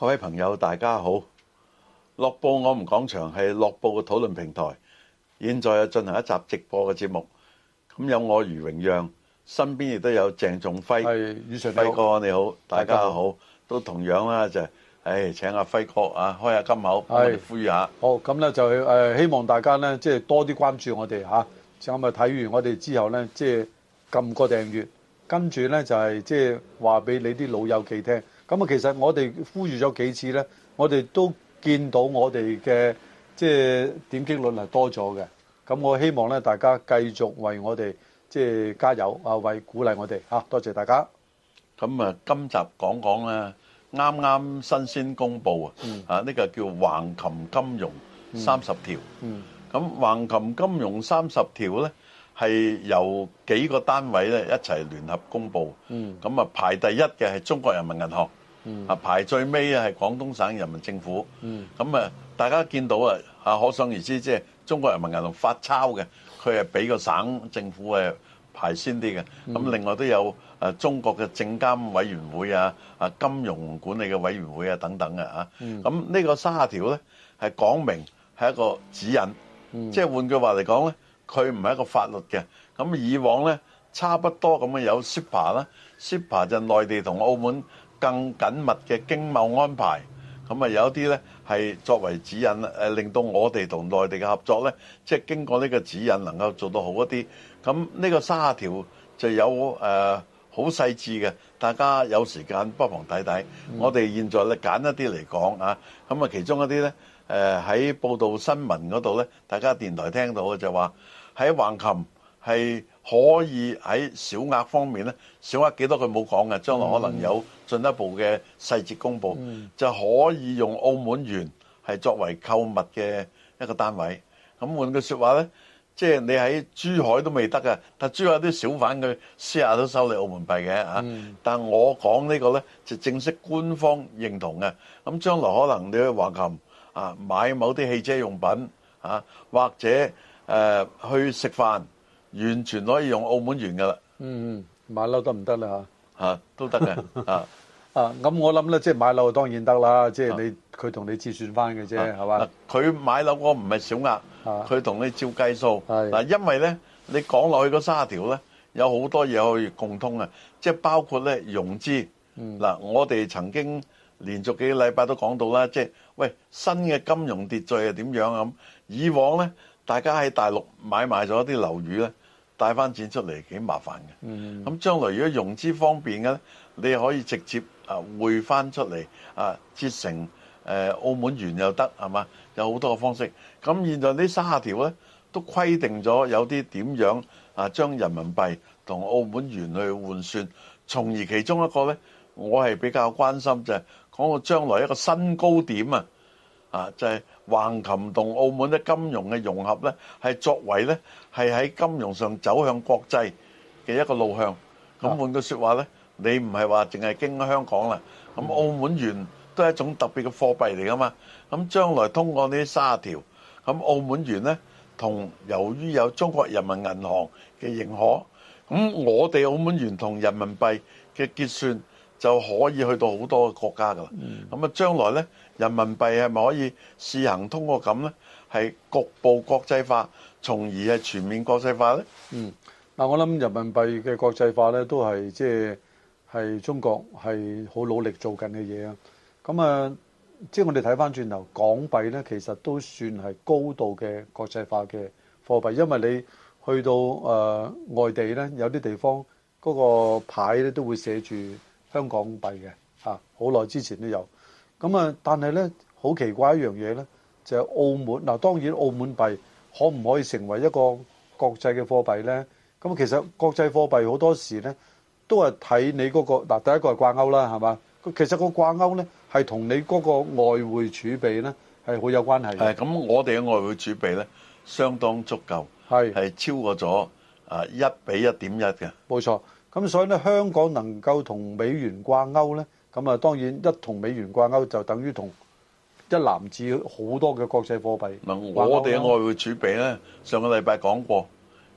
各位朋友，大家好！樂報我哋講場，係樂報嘅討論平台。現在又進行一集直播嘅節目。咁有我余榮讓，身邊亦都有鄭仲輝輝哥。好你好，好，大家好，都同樣啦，就係誒、哎，請阿輝哥啊，開下金口，我哋呼籲下。好，咁咧就誒，希望大家咧即係多啲關注我哋吓。咁咪睇完我哋之後咧，即係撳個訂閱，跟住咧就係即係話俾你啲老友記聽。咁啊，其實我哋呼籲咗幾次咧，我哋都見到我哋嘅即係點擊率係多咗嘅。咁我希望咧，大家繼續為我哋即係加油啊，為鼓勵我哋嚇。多謝大家。咁啊，今集講講咧，啱啱新鮮公布啊，啊呢個叫橫琴金融三十條。咁橫琴金融三十條咧。係由幾個單位咧，一齊聯合公佈。嗯，咁啊排第一嘅係中國人民銀行。嗯，啊排最尾啊係廣東省人民政府。嗯，咁啊大家見到啊啊可想而知，即係中國人民銀行發鈔嘅，佢係俾個省政府誒排先啲嘅，咁另外都有誒中國嘅證監委員會啊、啊金融管理嘅委員會啊等等嘅嚇，咁呢個三十條咧係講明係一個指引，即係換句話嚟講咧。佢唔係一個法律嘅，咁以往呢，差不多咁有 CEPA 啦，CEPA 就內地同澳門更緊密嘅經貿安排，咁啊有啲呢係作為指引，誒令到我哋同內地嘅合作呢，即係經過呢個指引能夠做到好一啲。咁呢個卅條就有誒好細緻嘅，大家有時間不妨睇睇。我哋現在咧揀一啲嚟講啊，咁啊其中一啲呢，誒喺報道新聞嗰度呢，大家電台聽到嘅就話。喺橫琴係可以喺小額方面呢，小額幾多佢冇講嘅，將來可能有進一步嘅細節公布，就可以用澳門元係作為購物嘅一個單位。咁換句説話呢，即係你喺珠海都未得嘅，但係珠海啲小販佢私下都收你澳門幣嘅啊。但我講呢個呢，就正式官方認同嘅。咁將來可能你去橫琴啊買某啲汽車用品啊，或者～誒去食飯，完全可以用澳門元㗎啦。嗯嗯，買樓得唔得啦？嚇嚇都得嘅啊啊！咁我諗咧，即係買樓當然得啦。即係你佢同你折算翻嘅啫，係嘛？佢買樓，我唔係小額，佢同你照計數。嗱，因為咧，你講落去嗰三條咧，有好多嘢可以共通啊。即係包括咧融資嗱，我哋曾經連續幾個禮拜都講到啦。即係喂新嘅金融秩序係點樣咁？以往咧。大家喺大陸買賣咗啲樓宇咧，帶翻錢出嚟幾麻煩嘅。咁將來如果融資方便嘅，你可以直接啊匯翻出嚟啊，折成誒澳門元又得，係嘛？有好多個方式。咁現在呢三條咧都規定咗有啲點樣啊，將人民幣同澳門元去換算，從而其中一個咧，我係比較關心就係講到將來一個新高點啊！啊，就係橫琴同澳門啲金融嘅融合咧，係作為咧係喺金融上走向國際嘅一個路向。咁換句説話咧，你唔係話淨係經香港啦。咁澳門元都係一種特別嘅貨幣嚟噶嘛。咁將來通過呢三十條，咁澳門元咧同由於有中國人民銀行嘅認可，咁我哋澳門元同人民幣嘅結算就可以去到好多國家噶啦。咁啊，將來咧～人民幣係咪可以試行通過咁呢？係局部國際化，從而係全面國際化呢？嗯，嗱，我諗人民幣嘅國際化呢，都係即係係中國係好努力做緊嘅嘢啊！咁啊，即係我哋睇返轉頭港幣呢，其實都算係高度嘅國際化嘅貨幣，因為你去到誒外地呢，有啲地方嗰個牌呢都會寫住香港幣嘅嚇，好耐之前都有。咁啊，但係咧好奇怪一樣嘢咧，就係澳門嗱，當然澳門幣可唔可以成為一個國際嘅貨幣咧？咁啊，其實國際貨幣好多時咧都係睇你嗰個嗱，第一個係掛鈎啦，係嘛？其實個掛鈎咧係同你嗰個外匯儲備咧係好有關係嘅。係咁，我哋嘅外匯儲備咧相當足夠，係係超過咗啊一比一點一嘅。冇錯。咁所以咧，香港能夠同美元掛鈎咧，咁啊當然一同美元掛鈎就等於同一籃子好多嘅國際貨幣。我哋嘅外匯儲備咧，上個禮拜講過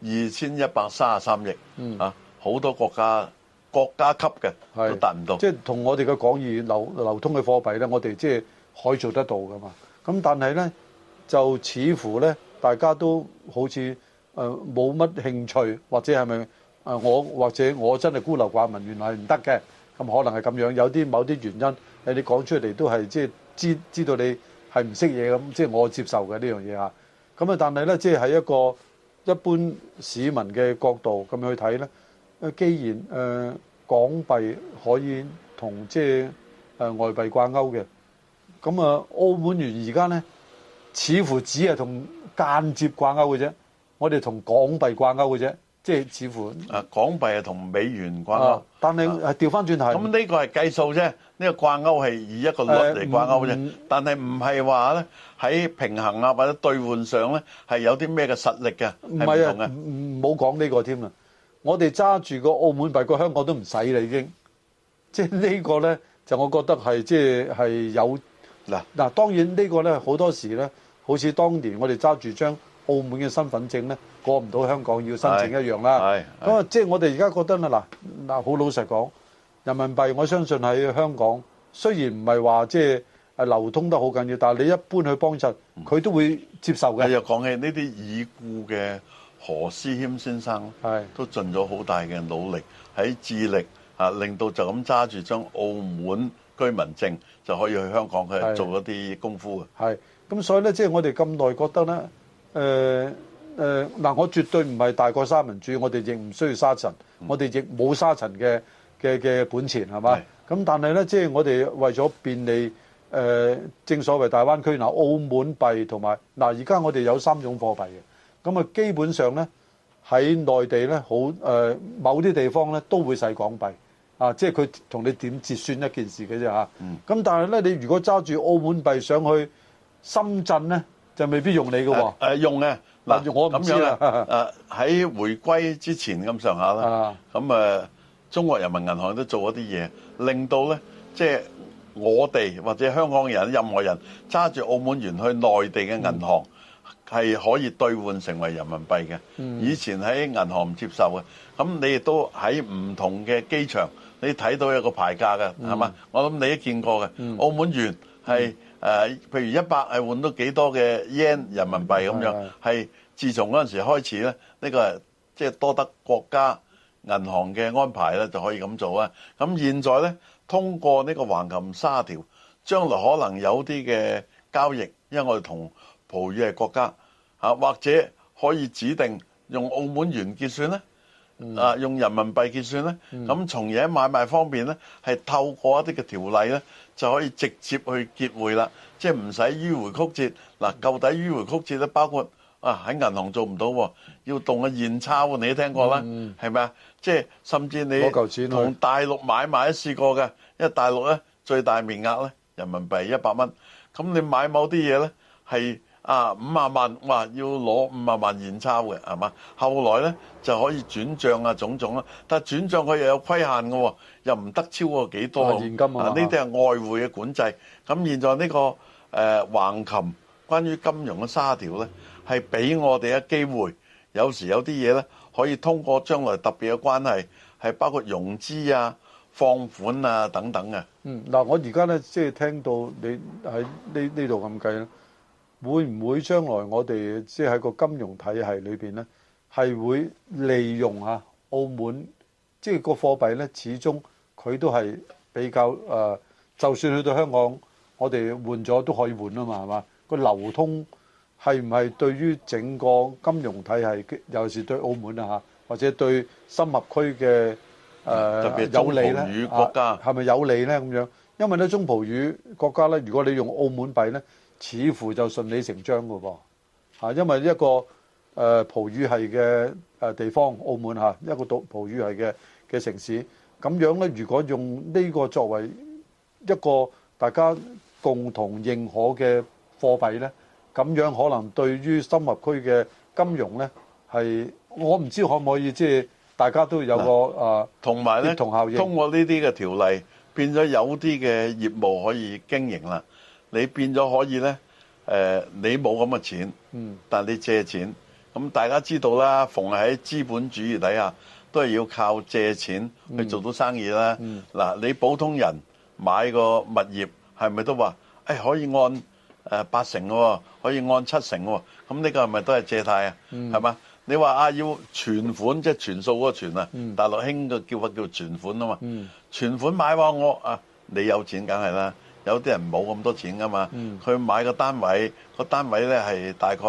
二千一百三十三億、嗯、啊，好多國家國家級嘅，都達唔到。即係同我哋嘅港元流流通嘅貨幣咧，我哋即係可以做得到噶嘛。咁但係咧，就似乎咧，大家都好似誒冇乜興趣，或者係咪？啊！我或者我真係孤陋寡聞，原來係唔得嘅。咁可能係咁樣，有啲某啲原因，誒你講出嚟都係即係知知道你係唔識嘢咁，即係我接受嘅呢樣嘢吓。咁啊，但係咧，即係喺一個一般市民嘅角度咁樣去睇咧，誒，既然誒港幣可以同即係誒外幣掛鈎嘅，咁啊，澳門元而家咧似乎只係同間接掛鈎嘅啫，我哋同港幣掛鈎嘅啫。即係似乎啊，港幣係同美元掛鈎啊，但係誒調翻轉頭咁呢個係計數啫，呢個掛鈎係以一個率嚟掛鈎啫。但係唔係話咧喺平衡啊或者兌換上咧係有啲咩嘅實力嘅，係唔同嘅。唔好講呢個添啊！我哋揸住個澳門幣，個香港都唔使啦已經。即係呢個咧，就我覺得係即係係有嗱嗱。當然呢個咧好多時咧，好似當年我哋揸住張。澳門嘅身份證咧過唔到香港，要申請一樣啦。咁啊，即係我哋而家覺得啦，嗱嗱，好老實講，人民幣我相信喺香港雖然唔係話即係啊流通得好緊要，但係你一般去幫襯，佢都會接受嘅。又講起呢啲已故嘅何思謙先生，係都盡咗好大嘅努力喺致力啊，令到就咁揸住張澳門居民證就可以去香港去做一啲功夫嘅。係咁，所以咧，即係我哋咁耐覺得咧。誒誒嗱，我絕對唔係大國沙文主義，我哋亦唔需要沙塵，我哋亦冇沙塵嘅嘅嘅本錢係咪？咁但係咧，即係我哋為咗便利誒、呃，正所謂大灣區嗱，澳門幣同埋嗱，而、呃、家我哋有三種貨幣嘅，咁啊基本上咧喺內地咧，好誒、呃，某啲地方咧都會使港幣啊，即係佢同你點折算一件事嘅啫嚇。咁、啊嗯、但係咧，你如果揸住澳門幣上去深圳咧？就未必用你嘅喎、啊啊啊。用嘅嗱，啊、我唔知啦。喺、啊啊、回歸之前咁上下啦，咁、啊啊啊、中國人民銀行都做一啲嘢，令到咧即係我哋或者香港人、任何人揸住澳門元去內地嘅銀行係、嗯、可以兌換成為人民幣嘅。以前喺銀行唔接受嘅，咁、嗯、你亦都喺唔同嘅機場你睇到有一個牌價嘅係嘛？我諗你都見過嘅澳門元。係誒、呃，譬如一百係換到幾多嘅 yen 人民幣咁樣，係自從嗰陣時開始咧，呢、這個即係、就是、多得國家銀行嘅安排咧就可以咁做啊。咁現在呢，通過呢個橫琴沙條，將來可能有啲嘅交易，因為我哋同葡語系國家或者可以指定用澳門元結算呢。啊、嗯！用人民幣結算咧，咁、嗯、從而喺買賣方面咧，係透過一啲嘅條例咧，就可以直接去結匯啦，即係唔使迂迴曲折。嗱、啊，到底迂迴曲折咧，包括啊喺銀行做唔到喎，要動個現鈔喎，你都聽過啦，係咪啊？即係、就是、甚至你同大陸買賣都試過嘅，因為大陸咧最大面額咧人民幣一百蚊，咁你買某啲嘢咧係。啊，五十萬哇，要攞五十萬現鈔嘅，係嘛？後來咧就可以轉帳啊，種種啊，但轉帳佢又有規限嘅，又唔得超過幾多現現金啊。呢啲係外匯嘅管制。咁、啊、現在呢、呢個誒、啊、橫琴關於金融嘅30條咧，係俾我哋嘅機會。有時有啲嘢咧，可以通過將來特別嘅關係，係包括融資啊、放款啊等等嘅。嗯，嗱、啊，我而家咧即係聽到你喺呢呢度咁計啦。會唔會將來我哋即係喺個金融體系裏邊呢？係會利用啊澳門，即係個貨幣呢，始終佢都係比較誒。就算去到香港，我哋換咗都可以換啊嘛，係嘛？個流通係唔係對於整個金融體系，尤其是對澳門啊，或者對深合區嘅誒特別有利呢？國家係咪有利呢？咁樣，因為咧，中葡語國家呢，如果你用澳門幣呢。似乎就順理成章嘅噃，嚇，因為一個誒葡語系嘅誒地方，澳門嚇，一個島葡語系嘅嘅城市，咁樣咧，如果用呢個作為一個大家共同認可嘅貨幣咧，咁樣可能對於深合區嘅金融咧係，我唔知可唔可以即係大家都有個埋協同效應。通過呢啲嘅條例，變咗有啲嘅業務可以經營啦。你變咗可以咧？誒、呃，你冇咁嘅錢、嗯，但你借錢。咁、嗯、大家知道啦，逢喺資本主義底下，都係要靠借錢去做到生意、嗯嗯、啦。嗱，你普通人買個物業，係咪都話誒可以按八成嘅喎，可以按七、呃、成喎、哦？咁呢、哦、個係咪都係借貸啊？係、嗯、嘛？你話啊，要存款即係全數嗰個存啊？大陸興個叫法叫存款啊嘛？存、嗯、款買話我啊，你有錢梗係啦。有啲人冇咁多錢噶嘛，佢、嗯、買個單位，個單位咧係大概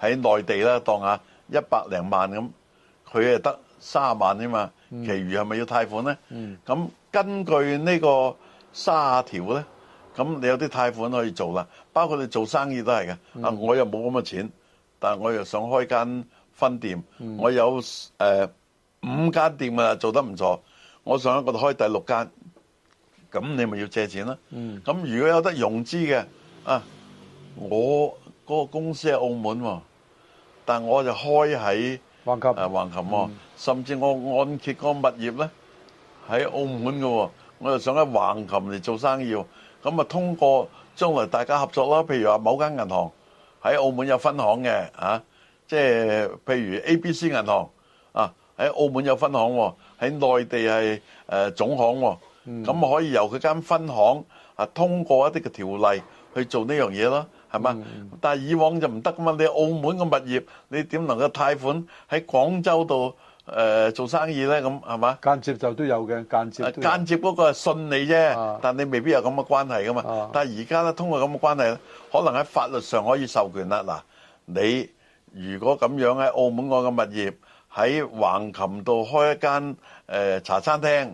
喺內地啦，當下一百零萬咁，佢係得三十萬啫嘛，嗯、其餘係咪要貸款咧？咁、嗯、根據個呢個三十條咧，咁你有啲貸款可以做啦，包括你做生意都係嘅。啊、嗯，我又冇咁嘅錢，但我又想開間分店，嗯、我有誒五、呃、間店啊，做得唔錯，我想度開第六間。咁你咪要借錢啦。嗯。咁如果有得融資嘅啊，我嗰個公司喺澳門，但係我就開喺橫琴，係橫琴喎。甚至我按揭嗰個物業咧喺澳門嘅，我就想喺橫琴嚟做生意。咁啊，通過將來大家合作啦。譬如話，某間銀行喺澳門有分行嘅啊，即係譬如 ABC 銀行啊，喺澳門有分行喎，喺內地係誒總行喎。咁可以由佢間分行啊，通過一啲嘅條例去做呢樣嘢咯，係嘛？但係以往就唔得噶嘛，你澳門嘅物業，你點能夠貸款喺廣州度誒做生意咧？咁係嘛？間接就都有嘅，間接。間接嗰個係信你啫，但係你未必有咁嘅關係噶嘛。但係而家咧，通過咁嘅關係咧，可能喺法律上可以授權啦。嗱，你如果咁樣喺澳門嗰個物業喺橫琴度開一間誒茶餐廳。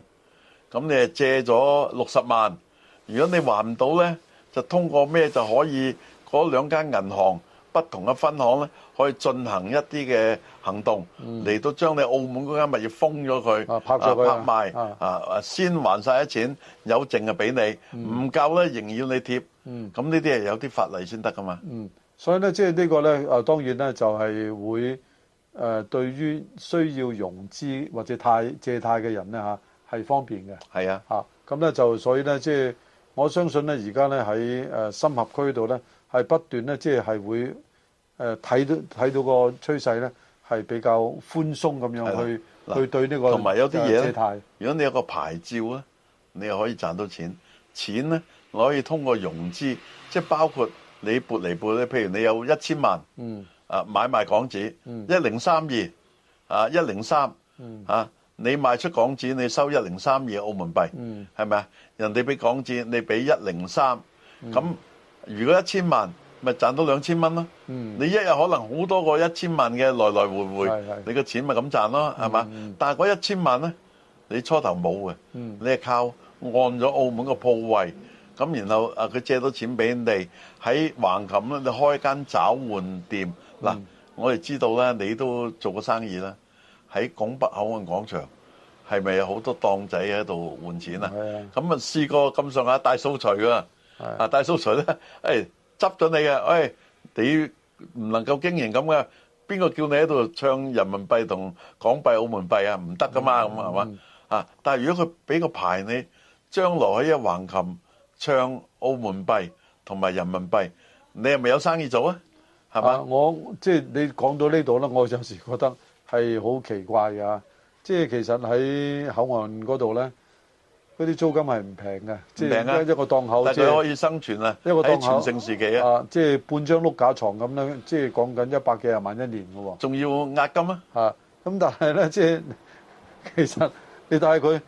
咁你係借咗六十萬，如果你還唔到呢，就通過咩就可以嗰兩間銀行不同嘅分行呢，可以進行一啲嘅行動，嚟、嗯、到將你澳門嗰間物業封咗佢、啊，拍咗佢、啊，拍賣，啊，先還晒啲錢，有剩就俾你，唔、嗯、夠呢，仍然要你貼。咁呢啲係有啲法例先得㗎嘛。嗯，所以呢，即係呢個呢，當然呢，就係會對於需要融資或者貸借貸嘅人呢吓。係方便嘅，係啊，嚇咁咧就所以咧，即、就、係、是、我相信咧，而家咧喺誒深合區度咧，係不斷咧，即係係會誒睇、呃、到睇到個趨勢咧，係比較寬鬆咁樣去、啊、去對呢個還呢個同埋有啲嘢咧，如果你有個牌照咧，你又可以賺到錢，錢咧可以通過融資，即係包括你撥嚟撥咧，譬如你有一千萬，嗯，啊，啊買賣港紙，一零三二，啊一零三，嗯1032、啊，嚇、啊。嗯你賣出港紙，你收一零三二澳門幣，係咪啊？人哋俾港紙，你俾一零三，咁如果一千萬，咪賺到兩千蚊咯。你一日可能好多個一千萬嘅來來回回，你個錢咪咁賺咯，係嘛？但係嗰一千萬咧，你初頭冇嘅，你係靠按咗澳門個鋪位，咁然後啊佢借到錢俾你喺橫琴咧，你開間找換店。嗱，我哋知道咧，你都做過生意啦。喺拱北口岸廣場，係咪有好多檔仔喺度換錢啊？咁啊那試過咁上下大掃除啊！啊大掃除咧，誒執咗你嘅，誒、哎、你唔能夠經營咁嘅，邊個叫你喺度唱人民幣同港幣澳門幣啊？唔得噶嘛，咁係嘛？啊是！但係如果佢俾個牌你，將來喺一橫琴唱澳門幣同埋人民幣，你係咪有生意做啊？係嘛？我即係、就是、你講到呢度啦，我有時覺得。係好奇怪嘅嚇，即係其實喺口岸嗰度咧，嗰啲租金係唔平嘅，即係一個檔口即係可以生存啊！一個檔口，喺全盛時期啊，即係半張碌架牀咁樣，即係講緊一百幾廿萬一年嘅喎，仲要押金啊！嚇，咁但係咧，即係其實你睇佢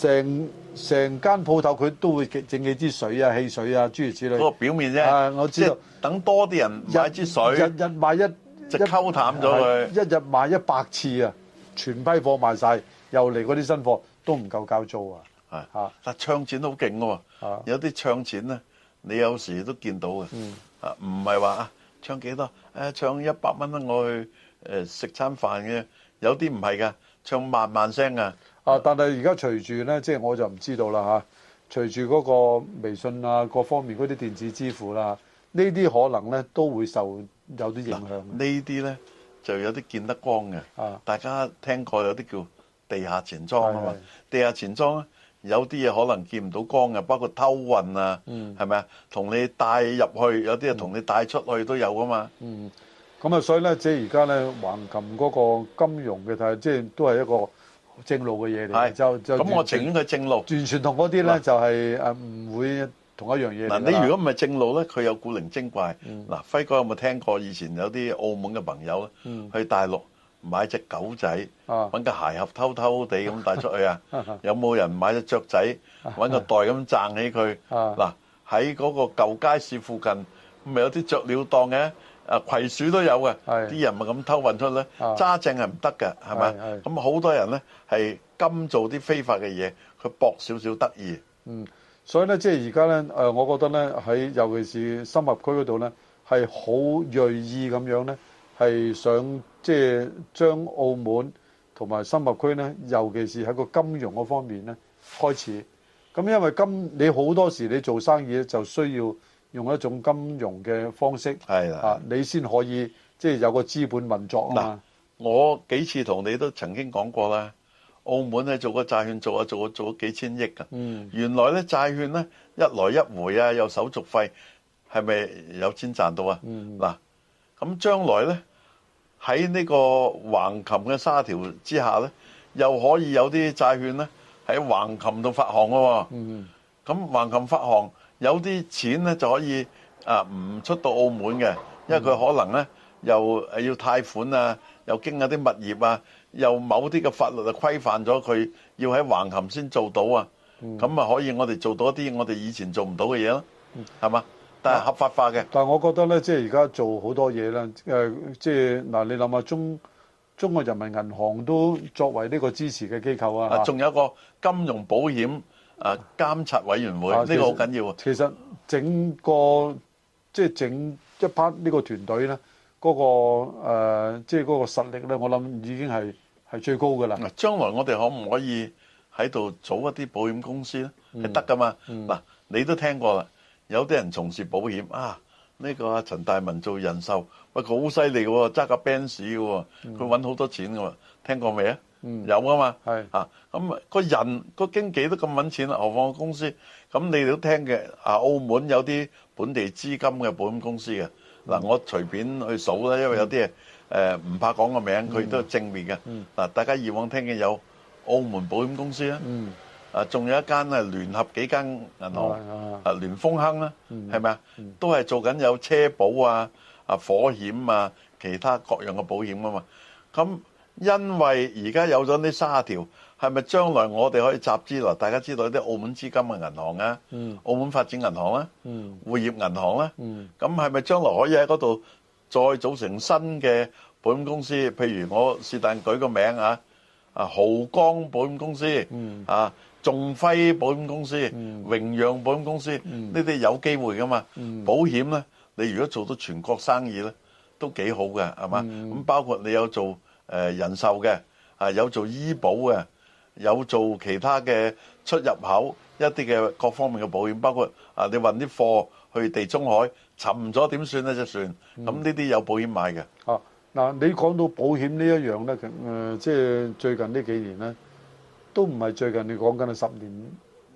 成成間鋪頭，佢都會整幾支水啊、汽水啊、諸如此類嗰個表面啫，我知道，即係等多啲人買一支水，日日買一。直溝淡咗佢，一日賣一百次啊，全批貨賣晒。又嚟嗰啲新貨都唔夠交租啊！但唱錢都好勁啊，啊有啲唱錢呢，你有時都見到嘅、嗯。啊，唔係話啊，唱幾多、啊？唱一百蚊我去、呃、食餐飯嘅，有啲唔係㗎，唱萬萬聲啊，但係而家隨住咧，即、就、係、是、我就唔知道啦嚇、啊。隨住嗰個微信啊，各方面嗰啲電子支付啦、啊，呢啲可能咧都會受。有啲影響呢啲咧就有啲見得光嘅。啊，大家聽過有啲叫地下錢莊啊嘛？地下錢莊咧，有啲嘢可能見唔到光嘅，包括偷運啊，係咪啊？同你帶入去，有啲啊同你帶出去都有噶嘛。嗯，咁、嗯、啊，所以咧，即係而家咧橫琴嗰個金融嘅，即係都係一個正路嘅嘢嚟。就就咁，我整佢正路，完全同嗰啲咧就係啊唔會。同一樣嘢嗱，你如果唔係正路咧，佢有古靈精怪。嗱，輝哥有冇聽過以前有啲澳門嘅朋友咧，去大陸買隻狗仔，揾個鞋盒偷偷地咁帶出去啊？有冇人買隻雀仔，揾個袋咁撐起佢？嗱，喺嗰個舊街市附近，咪有啲雀鳥檔嘅，啊葵鼠都有嘅，啲人咪咁偷運出去咧。揸正係唔得嘅，係咪啊？咁好多人咧係噉做啲非法嘅嘢，佢搏少少得意。嗯。所以咧，即係而家咧，誒，我覺得咧，喺尤其是深合區嗰度咧，係好鋭意咁樣咧，係想即係將澳門同埋深合區咧，尤其是喺個金融嗰方面咧開始。咁因為金你好多時你做生意咧，就需要用一種金融嘅方式，你先可以即係有個資本運作啊嘛。我幾次同你都曾經講過啦。澳門咧做個債券做啊做啊做咗幾千億㗎，原來咧債券咧一來一回啊有手續費，係咪有錢賺到啊？嗱、嗯，咁、啊、將來咧喺呢個橫琴嘅沙條之下咧，又可以有啲債券咧喺橫琴度發行喎。咁橫琴發行、啊嗯、琴發行有啲錢咧就可以啊唔出到澳門嘅，因為佢可能咧、嗯、又要貸款啊，又經下啲物業啊。由某啲嘅法律就規範咗佢要喺橫琴先做到啊，咁、嗯、啊可以我哋做到一啲我哋以前做唔到嘅嘢咯，係、嗯、嘛？但係合法化嘅。但係我覺得咧，即係而家做好多嘢啦，即係嗱，你諗下中中國人民銀行都作為呢個支持嘅機構啊，仲有一個金融保險誒監察委員會呢個好緊要。啊、這個要其。其實整個即係、就是、整一 part 個呢、呢個團隊咧，嗰個誒，即係嗰個實力咧，我諗已經係。最高噶啦！嗱，將來我哋可唔可以喺度組一啲保險公司咧？係得噶嘛？嗱，你都聽過啦，有啲人從事保險啊，呢個阿陳大文做人壽，喂，佢好犀利喎，揸架 Benz 嘅，佢揾好多錢嘅喎，聽過未啊？有啊嘛，係啊，咁個人個經紀都咁揾錢啦，何況個公司？咁你哋都聽嘅，啊，澳門有啲本地資金嘅保險公司嘅，嗱，我隨便去數啦，因為有啲嘢。誒，唔怕講個名，佢都係正面嘅。嗱，大家以往聽見有澳門保險公司啦，啊，仲有一間係聯合幾間銀行，啊，聯豐亨啦，係咪啊？都係做緊有車保啊、啊火險啊、其他各樣嘅保險啊嘛。咁因為而家有咗呢三條，係咪將來我哋可以集資？嗱，大家知道啲澳門資金嘅銀行啊，澳門發展銀行啦，匯業銀行啦，咁係咪將來可以喺嗰度？再組成新嘅保險公司，譬如我是但舉個名啊，啊豪光保險公司，啊仲輝保險公司，榮陽保險公司，呢啲有機會噶嘛？保險咧，你如果做到全國生意咧，都幾好嘅，係嘛？咁包括你有做誒人壽嘅，啊有做醫保嘅，有做其他嘅出入口一啲嘅各方面嘅保險，包括啊你運啲貨去地中海。沉咗點算咧？就算咁呢啲有保險買嘅哦。嗱、嗯啊，你講到保險呢一樣咧，誒、呃，即係最近呢幾年咧，都唔係最近。你講緊係十年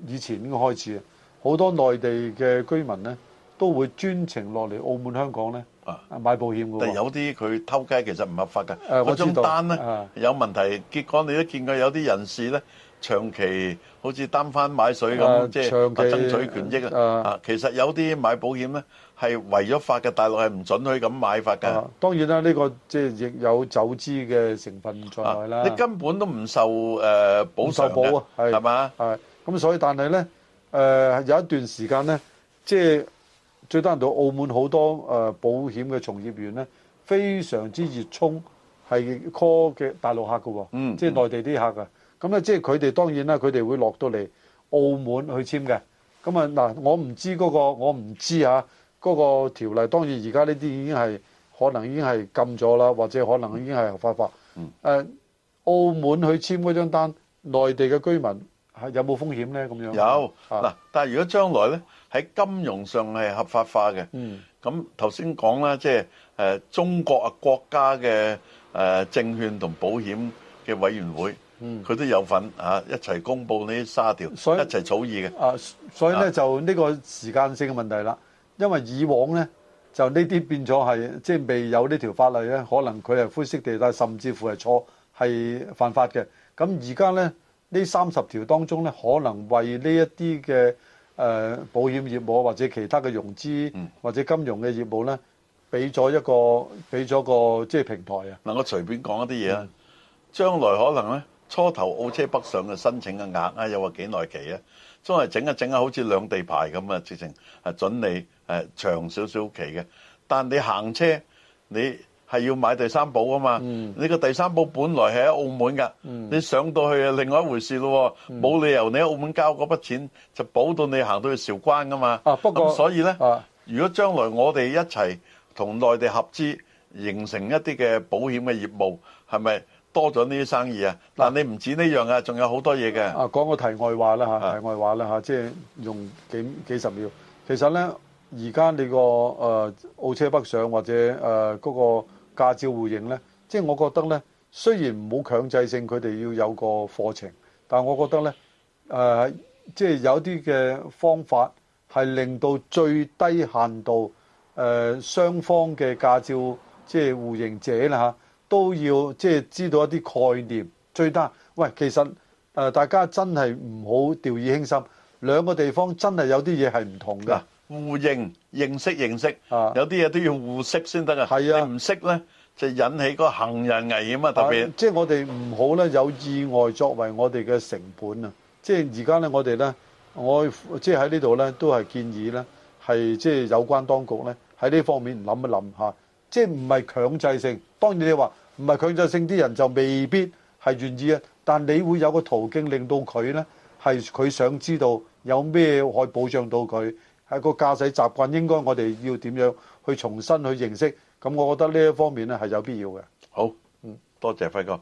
以前已經開始，好多內地嘅居民咧都會專程落嚟澳門、香港咧啊買保險。但有啲佢偷雞，其實唔合法嘅。誒、啊，我知道。單咧、啊、有問題，結果你都見過有啲人士咧。長期好似擔翻買水咁，即係爭取權益啊，啊！啊，其實有啲買保險咧，係違咗法嘅。大陸係唔準去咁買法噶、啊。當然啦，呢、這個即係亦有走資嘅成分在啦、啊。你根本都唔受誒、呃、保受保啊，係嘛？啊，咁所以但係咧，誒、呃、有一段時間咧，即、就、係、是、最多人到澳門好多誒、呃、保險嘅從業員咧，非常之熱衷係 call 嘅大陸客噶、哦，即、嗯、係、就是、內地啲客㗎、嗯。咁咧，即係佢哋當然啦，佢哋會落到嚟澳門去簽嘅。咁啊嗱，我唔知嗰個，我唔知啊，嗰個條例。當然而家呢啲已經係可能已經係禁咗啦，或者可能已經係合法化。嗯。誒，澳門去簽嗰張單，內地嘅居民係有冇風險咧？咁樣有嗱，但係如果將來咧喺金融上係合法化嘅。嗯。咁頭先講啦，即係誒中國啊國家嘅誒證券同保險嘅委員會。嗯，佢都有份嚇、啊，一齊公布呢三十條，一齊草擬嘅。啊，所以咧就呢個時間性嘅問題啦、啊。因為以往呢，就呢啲變咗係即係未有呢條法例呢，可能佢係灰色地帶，甚至乎係錯係犯法嘅。咁而家呢，呢三十條當中呢，可能為呢一啲嘅誒保險業務或者其他嘅融資、嗯、或者金融嘅業務呢，俾咗一個俾咗個即係平台啊。嗱，我隨便講一啲嘢啦，將來可能呢。初頭澳車北上嘅申請嘅額咧，又話幾耐期咧？將來整一整下，好似兩地牌咁啊，直情係準你誒長少少期嘅。但你行車，你係要買第三保噶嘛？嗯、你個第三保本來係喺澳門噶、嗯，你上到去啊，另外一回事咯。冇、嗯、理由你喺澳門交嗰筆錢就保到你行到去韶關噶嘛？啊，不過，嗯、所以咧、啊，如果將來我哋一齊同內地合資形成一啲嘅保險嘅業務，係咪？多咗呢啲生意但啊！嗱，你唔止呢樣啊，仲有好多嘢嘅。啊，講個題外話啦吓，題外話啦吓，即係、啊就是、用幾幾十秒。其實咧，而家你個呃，澳車北上或者呃嗰、那個駕照互認咧，即、就、係、是、我覺得咧，雖然唔好強制性，佢哋要有個課程，但我覺得咧，呃，即、就、係、是、有啲嘅方法係令到最低限度呃，雙方嘅駕照即係互認者啦吓。啊都要即係知道一啲概念，最得喂。其實、呃、大家真係唔好掉以輕心。兩個地方真係有啲嘢係唔同㗎、啊。互認認識認識，認識啊、有啲嘢都要互識先得係啊，你唔識咧，就引起個行人危險啊。特別即係、啊即係、我哋唔好咧有意外作為我哋嘅成本啊。即係而家咧，我哋咧，我即係喺呢度咧，都係建議咧，係即係有關當局咧，喺呢方面諗一諗下，即係唔係強制性？當然你話。唔係強制性啲人就未必係願意啊，但你會有個途徑令到佢呢係佢想知道有咩可以保障到佢，係個駕駛習慣應該我哋要點樣去重新去認識？咁我覺得呢一方面呢係有必要嘅。好，嗯，多謝輝哥。